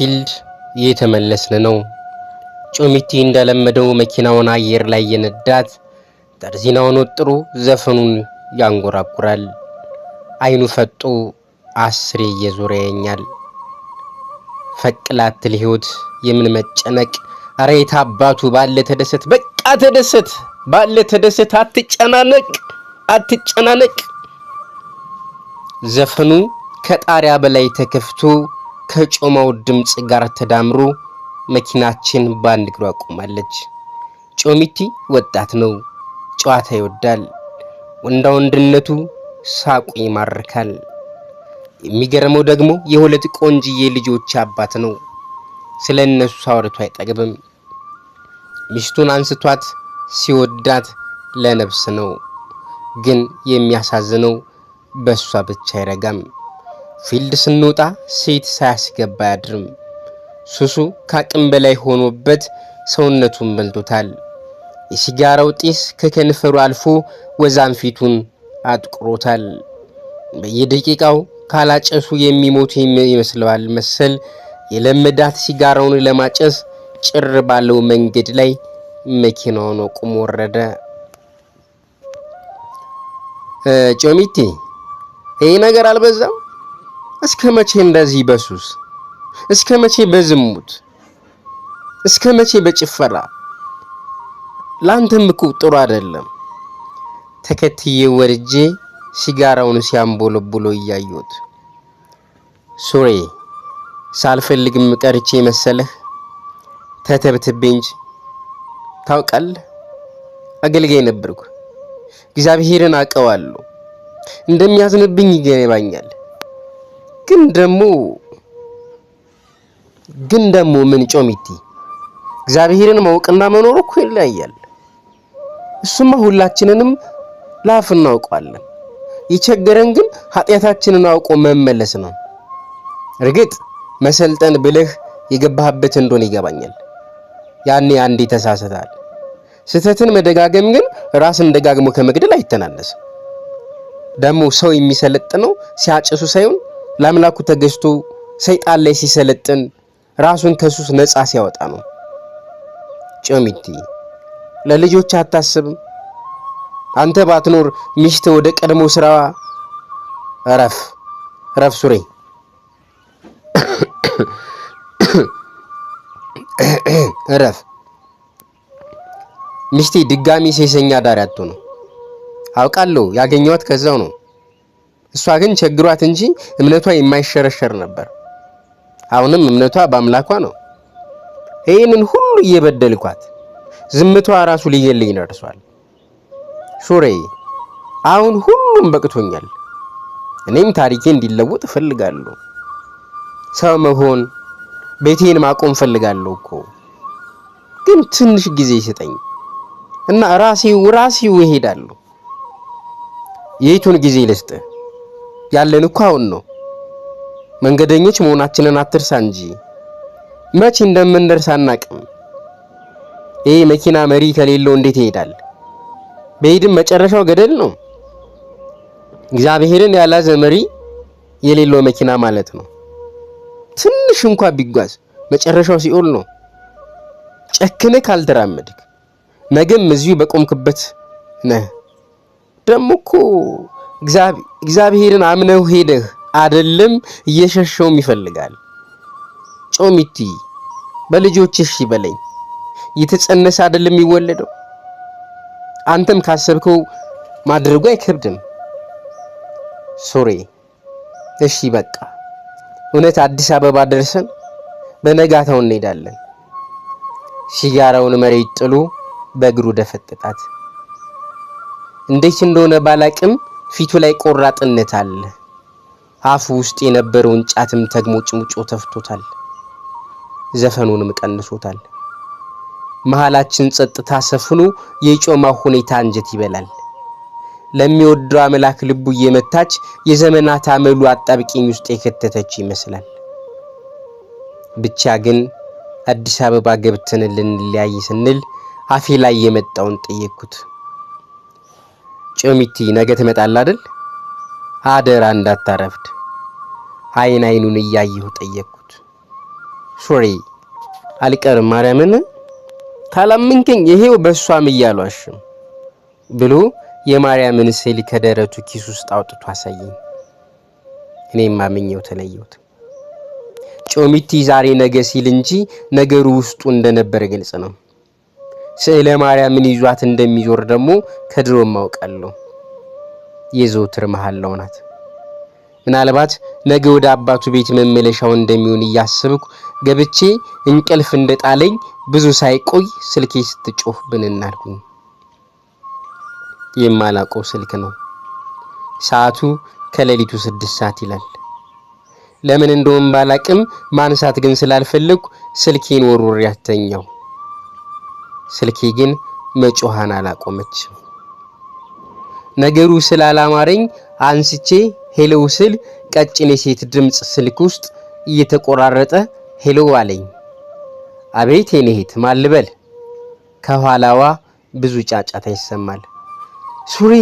ፊልድ እየተመለስን ነው። ጮሚቲ እንደለመደው መኪናውን አየር ላይ የነዳት ጠርዚናውን ወጥሮ ዘፈኑን ያንጎራጉራል። አይኑ ፈጦ አስሬ እየዞረ ያኛል። ፈቅ ህይወት የምን መጨነቅ፣ አረ አባቱ ባለ ተደሰት፣ በቃ ተደሰት፣ ባለ ተደሰት፣ አትጨናነቅ፣ አትጨናነቅ። ዘፈኑ ከጣሪያ በላይ ተከፍቶ ከጮማው ድምፅ ጋር ተዳምሮ መኪናችን በአንድ እግሯ ቆማለች። ጮሚቲ ወጣት ነው። ጨዋታ ይወዳል። ወንዳ ወንድነቱ ሳቁ ይማርካል። የሚገርመው ደግሞ የሁለት ቆንጅዬ ልጆች አባት ነው። ስለ እነሱ ሳወርቱ አይጠግብም። ሚስቱን አንስቷት ሲወዳት ለነብስ ነው። ግን የሚያሳዝነው በእሷ ብቻ አይረጋም። ፊልድ ስንወጣ ሴት ሳያስገባ አያድርም። ሱሱ ከአቅም በላይ ሆኖበት ሰውነቱን በልቶታል። የሲጋራው ጢስ ከከንፈሩ አልፎ ወዛም ፊቱን አጥቁሮታል። በየደቂቃው ካላጨሱ የሚሞቱ ይመስለዋል መሰል የለመዳት ሲጋራውን ለማጨስ ጭር ባለው መንገድ ላይ መኪናውን ቁሞ ወረደ። ጮሚቲ ይህ ነገር አልበዛም? እስከ መቼ እንደዚህ በሱስ እስከ መቼ በዝሙት እስከ መቼ በጭፈራ ላንተም እኮ ጥሩ አይደለም። ተከትዬ ወርጄ ሲጋራውን ሲያምቦለብሎ እያየሁት ሱሬ ሳልፈልግም ቀርቼ መሰለህ ተተብትቤ እንጂ ታውቃለህ፣ አገልጋይ ነበርኩ። እግዚአብሔርን አውቀዋለሁ እንደሚያዝንብኝ ይገባኛል። ግን ደግሞ ግን ደግሞ ምን ጮሚቲ እግዚአብሔርን ማወቅና መኖር እኮ ይለያያል። እሱማ ሁላችንንም ላፍ እናውቀዋለን። የቸገረን ግን ኃጢአታችንን አውቆ መመለስ ነው። እርግጥ መሰልጠን ብለህ የገባህበት እንደሆነ ይገባኛል። ያኔ አንዴ ተሳስተሃል። ስህተትን መደጋገም ግን ራስን ደጋግሞ ከመግደል አይተናነስም። ደግሞ ሰው የሚሰለጥነው ሲያጭሱ ሳይሆን ለአምላኩ ተገዝቶ ሰይጣን ላይ ሲሰለጥን ራሱን ከሱስ ነጻ ሲያወጣ ነው። ጮሚቲ ለልጆች አታስብም? አንተ ባትኖር ሚስት ወደ ቀድሞ ስራዋ። ረፍ ረፍ ሱሬ ረፍ። ሚስቴ ድጋሚ ሴሰኛ ዳር አቶ ነው አውቃለሁ። ያገኘዋት ከዛው ነው። እሷ ግን ቸግሯት እንጂ እምነቷ የማይሸረሸር ነበር። አሁንም እምነቷ በአምላኳ ነው። ይህንን ሁሉ እየበደልኳት ዝምቷ ራሱ ሊገለኝ ደርሷል። ሹሬ አሁን ሁሉም በቅቶኛል። እኔም ታሪኬ እንዲለወጥ እፈልጋለሁ። ሰው መሆን ቤቴን ማቆም እፈልጋለሁ እኮ ግን ትንሽ ጊዜ ይሰጠኝ እና ራሴው ራሴው እሄዳለሁ። የይቱን ጊዜ ልስጥ? ያለን እኮ አሁን ነው። መንገደኞች መሆናችንን አትርሳ እንጂ መቼ እንደምንደርስ አናቅም። ይሄ መኪና መሪ ከሌለው እንዴት ይሄዳል? በሄድም መጨረሻው ገደል ነው። እግዚአብሔርን ያላዘ መሪ የሌለው መኪና ማለት ነው። ትንሽ እንኳ ቢጓዝ መጨረሻው ሲኦል ነው። ጨክነ ካልተራመድክ ነገም እዚሁ በቆምክበት ነህ። ደሞ እኮ እግዚአብሔርን አምነው ሄደህ አይደለም እየሸሸውም ይፈልጋል። ጮሚቲ በልጆች እሺ በለኝ የተጸነሰ አይደለም የሚወለደው። አንተም ካሰብከው ማድረጉ አይከብድም። ሱሬ እሺ በቃ እውነት አዲስ አበባ ደርሰን በነጋታው እንሄዳለን። ሲጋራውን መሬት ጥሎ በእግሩ ደፈጠጣት። እንዴት እንደሆነ ባላቅም ፊቱ ላይ ቆራጥነት አለ። አፉ ውስጥ የነበረውን ጫትም ጭሙጮ ተፍቶታል። ዘፈኑንም ቀንሶታል። መሃላችን ጸጥታ ሰፍኖ የጮማ ሁኔታ አንጀት ይበላል። ለሚወደው አምላክ ልቡ እየመታች የዘመናት አመሉ አጣብቂኝ ውስጥ የከተተች ይመስላል። ብቻ ግን አዲስ አበባ ገብተን ልንለያይ ስንል አፌ ላይ የመጣውን ጠየቅኩት። ጮሚቲ ነገ ትመጣል አይደል? አደራ እንዳታረፍድ። አይን አይኑን እያየሁ ጠየቅኩት። ሶሪ አልቀርም ማርያምን ካላመንከኝ ይሄው በእሷም እያሏሽም ብሎ የማርያምን ስዕል ከደረቱ ኪስ ውስጥ አውጥቶ አሳየኝ። እኔም አምኜው ተለየሁት። ጮሚቲ ዛሬ ነገ ሲል እንጂ ነገሩ ውስጡ እንደነበረ ግልጽ ነው። ስዕለ ማርያምን ይዟት እንደሚዞር ደግሞ ከድሮ ማውቃለሁ። የዘውትር መሐላው ናት። ምናልባት ነገ ወደ አባቱ ቤት መመለሻው እንደሚሆን እያስብኩ ገብቼ እንቅልፍ እንደጣለኝ ብዙ ሳይቆይ ስልኬ ስትጮህ ብንናልኩኝ የማላውቀው ስልክ ነው። ሰዓቱ ከሌሊቱ ስድስት ሰዓት ይላል። ለምን እንደውም ባላቅም ማንሳት ግን ስላልፈለግኩ ስልኬን ወርውሬ ያተኛው። ስልኬ ግን መጮሃን አላቆመች ነገሩ ስላላማረኝ አንስቼ ሄሎ ስል ቀጭን የሴት ድምፅ ስልክ ውስጥ እየተቆራረጠ ሄሎ አለኝ። አቤት የኔ ማልበል። ከኋላዋ ብዙ ጫጫታ ይሰማል። ሱሪ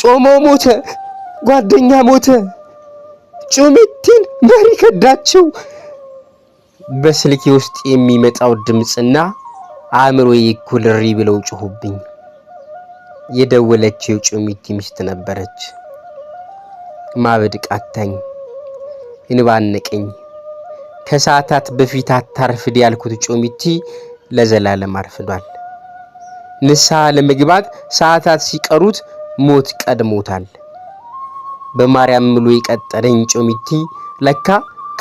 ጮሞ ሞተ፣ ጓደኛ ሞተ፣ ጩሚትን መሪ ከዳችው በስልኬ ውስጥ የሚመጣው ድምፅና አእምሮዬ ኩልሪ ብለው ጮሁብኝ። የደወለችው ጩሚት ሚስት ነበረች። ማበድ ቃታኝ፣ እንባነቀኝ። ከሰዓታት በፊት አታርፍድ ያልኩት ጮሚቲ ለዘላለም አርፍዷል። ንስሐ ለመግባት ሰዓታት ሲቀሩት ሞት ቀድሞታል። በማርያም ምሎ የቀጠረኝ ጮሚቲ ለካ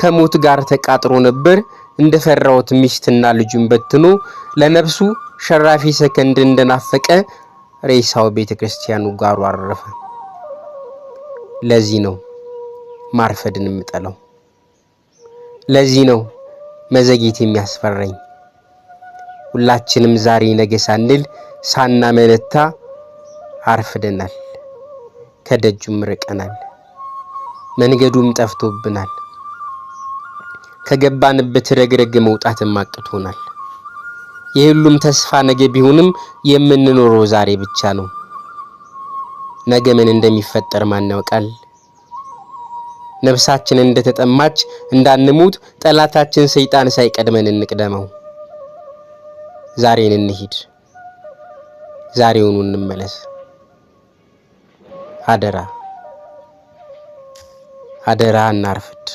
ከሞት ጋር ተቃጥሮ ነበር። እንደፈራሁት ሚስትና ልጁን በትኖ ለነፍሱ ሸራፊ ሰከንድ እንደናፈቀ ሬሳው ቤተ ክርስቲያኑ ጋሩ አረፈ። ለዚህ ነው ማርፈድን የምጠላው። ለዚህ ነው መዘግየት የሚያስፈራኝ። ሁላችንም ዛሬ ነገ ሳንል ሳናመነታ አርፍደናል። ከደጁም ርቀናል። መንገዱም ጠፍቶብናል። ከገባንበት ረግረግ መውጣት አቅቶናል። የሁሉም ተስፋ ነገ ቢሆንም የምንኖረው ዛሬ ብቻ ነው። ነገ ምን እንደሚፈጠር ማን ያውቃል? ነፍሳችን እንደተጠማች እንዳንሞት ጠላታችን ሰይጣን ሳይቀድመን እንቅደመው። ዛሬን እንሂድ፣ ዛሬውኑ እንመለስ። አደራ አደራ እናርፍድ።